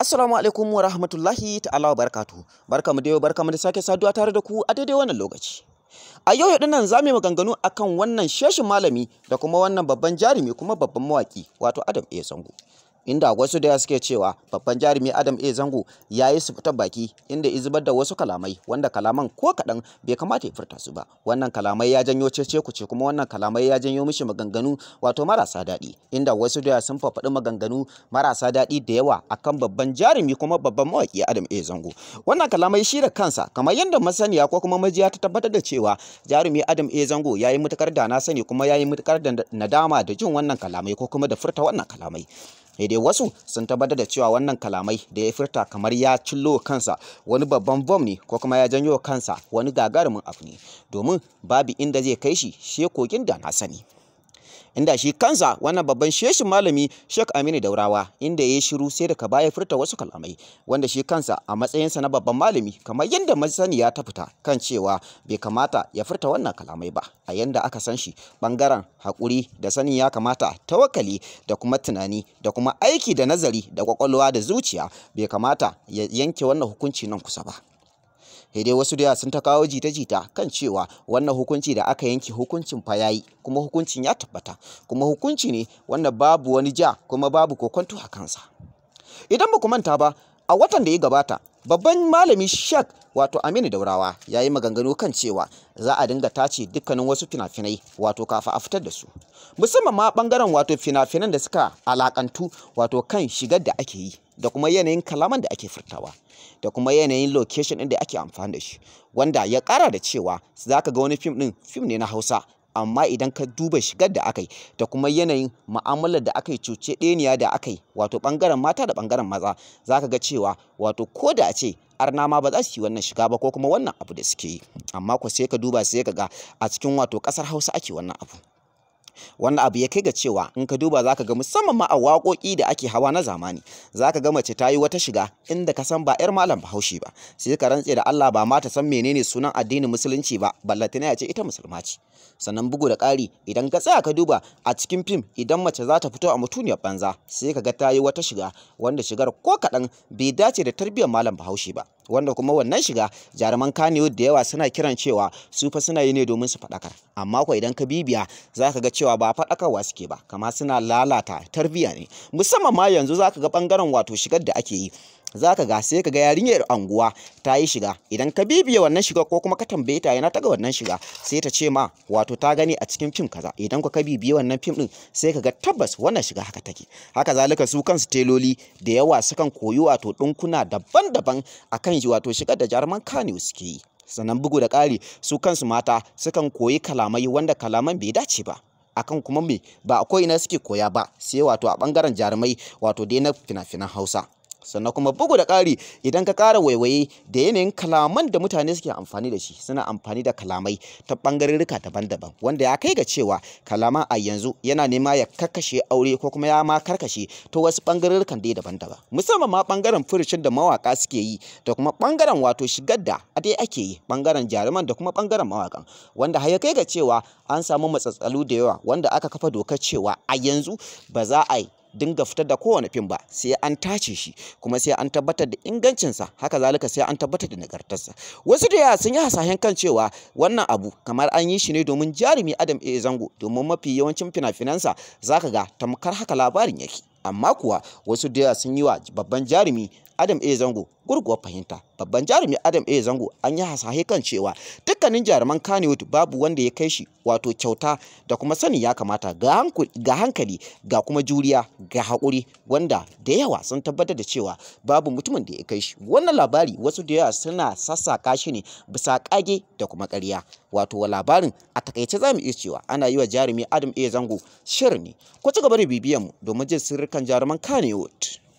Assalamu alaikum wa rahmatullahi ta'ala wa barka mu da barka mu da sake saduwa tare da ku a daidai wannan lokaci. A yau yau nan zamu maganganu akan wannan sheshin malami da kuma wannan babban jarumi kuma babban mawaki wato Adam A. Sango. inda wasu da suke cewa babban jarumi adam a zango ya yi su fitar baki inda izubar da wasu kalamai wanda kalaman ko kaɗan bai kamata ya furta su ba wannan kalamai ya janyo cece kuce kuma wannan kalamai ya janyo mishi maganganu wato marasa daɗi inda wasu da sun fafaɗi maganganu marasa daɗi da yawa akan babban jarumi kuma babban mawaƙi adam a zango wannan kalamai shi da kansa kamar yadda masaniya ko kuma majiya ta tabbatar da cewa jarumi adam a zango ya yi matuƙar da na sani kuma ya yi matuƙar da nadama da jin wannan kalamai ko kuma da furta wannan kalamai sai dai wasu sun tabbatar da cewa wannan kalamai da ya furta kamar ya cillo kansa wani babban bom ne ko kuma ya janyo kansa wani gagarumin abu ne domin babu inda zai kai shi shekokin da na sani inda shi kansa wannan babban sheshin malami Sheikh Aminu Daurawa inda ya shiru sai da daga baya furta wasu kalamai wanda shi kansa a matsayinsa na babban malami kamar yadda masaniya ta fita kan cewa bai kamata ya furta wannan kalamai ba a yanda aka san shi bangaren hakuri da sani ya kamata tawakkali da kuma tunani da kuma aiki da nazari da kwakwalwa da zuciya bai kamata ya yanke wannan hukunci nan kusa ba dai wasu da sun ta kawo jita-jita kan cewa wannan hukunci da aka yanke hukuncin fa yayi kuma hukuncin ya tabbata kuma hukunci ne wanda babu wani ja kuma babu kokonto a kansa idan ba ku manta ba a watan da ya gabata babban malami shak wato aminu daurawa ya yi maganganu kan cewa za a dinga tace dukkanin wasu finafinai wato kafa a fitar da su musamman ma bangaren wato fina-finan da suka alakantu wato kan shigar da ake yi da kuma yanayin kalaman da ake furtawa da kuma yanayin location ɗin da ake amfani da shi wanda ya kara da cewa za ka ga wani fim ɗin fim ne na hausa amma idan ka duba shigar da aka yi da kuma yanayin ma'amalar da aka yi cuce ɗeniya da aka yi wato ɓangaren mata da ɓangaren maza za ka ga cewa wato ko da a ce arna ma ba za su yi wannan shiga ba ko kuma wannan abu da suke yi amma ko sai ka duba sai ka ga a cikin wato ƙasar hausa ake wannan abu wannan abu ya kai ga cewa in ka duba zaka ga musamman ma a waƙoƙi da ake hawa na zamani zaka ga mace ta yi wata shiga inda ka san ba 'yar malam bahaushe ba sai ka rantse da Allah ba ma ta san menene sunan addinin musulunci ba ballatana ya ce ita musulma ce sannan bugu da ƙari idan ka tsaya ka duba a cikin fim idan mace za ta fito a mutuniyar banza sai ka ga ta yi wata shiga wanda shigar ko kaɗan bai dace da tarbiyyar malam bahaushe ba wanda kuma wannan shiga jaruman Kannywood da yawa suna kiran cewa su fa suna yi ne domin su faɗakar amma ko idan ka bibiya za ka ga cewa ba faɗakarwa suke ba kama suna lalata tarbiyya ne musamman ma yanzu za ka ga ɓangaren wato shigar da ake yi zaka ga sai ka ga yarinyar anguwa ta yi shiga idan ka bibiye wannan shiga ko kuma ka tambaye ta yana ta ga wannan shiga sai ta ce ma wato ta gani a cikin fim kaza idan ka bibiye wannan fim din sai ka ga tabbas wannan shiga haka take haka zalika su kansu teloli da yawa sukan koyi wato dinkuna daban-daban akan wato shiga da jaruman kani suke yi sannan bugu da ƙari su kansu mata sukan koyi kalamai wanda kalaman bai dace ba akan kuma me ba akwai ina suke koya ba sai wato a ɓangaren jarumai wato dai na fina-finan hausa sannan kuma bugu da ƙari idan ka ƙara waiwaye da yanayin kalaman da mutane suke amfani da shi suna amfani da kalamai ta ɓangarurruka daban-daban wanda ya kai ga cewa kalama a yanzu yana nema ya karkashe aure ko kuma ya ma karkashe ta wasu ɓangarurrukan dai daban-daban musamman ma ɓangaren furucin da mawaƙa suke yi da kuma ɓangaren wato shigar da dai ake yi ɓangaren jaruman da kuma ɓangaren mawaƙan wanda har ya kai ga cewa an samu matsatsalu da yawa wanda aka kafa dokar cewa a yanzu ba za a yi dinga fitar da kowane fim ba sai an tace shi kuma sai an tabbatar da ingancinsa haka zalika sai an tabbatar da nagartarsa wasu da yawa sun yi hasashen kan cewa wannan abu kamar an yi shi ne domin jarumi adam a zango domin mafi yawancin fina-finansa zaka ga tamkar haka labarin yake amma kuwa wasu da sun yi wa babban jarumi Adam A Zango gurguwar fahimta babban jarumi Adam A Zango an yi hasahe kan cewa dukkanin jaruman Kanewood babu wanda ya kai shi wato kyauta da kuma sani ya kamata ga hankali ga kuma juriya ga haƙuri wanda da yawa sun tabbatar da cewa babu mutumin da ya kai shi wannan labari wasu da yawa suna sassaka shi ne bisa ƙage da kuma ƙarya wato labarin a takaice za mu iya cewa ana yi wa jarumi Adam A Zango shirin ne ku ci gaba da bibiyan mu domin jin sirrikan jaruman Kanewood.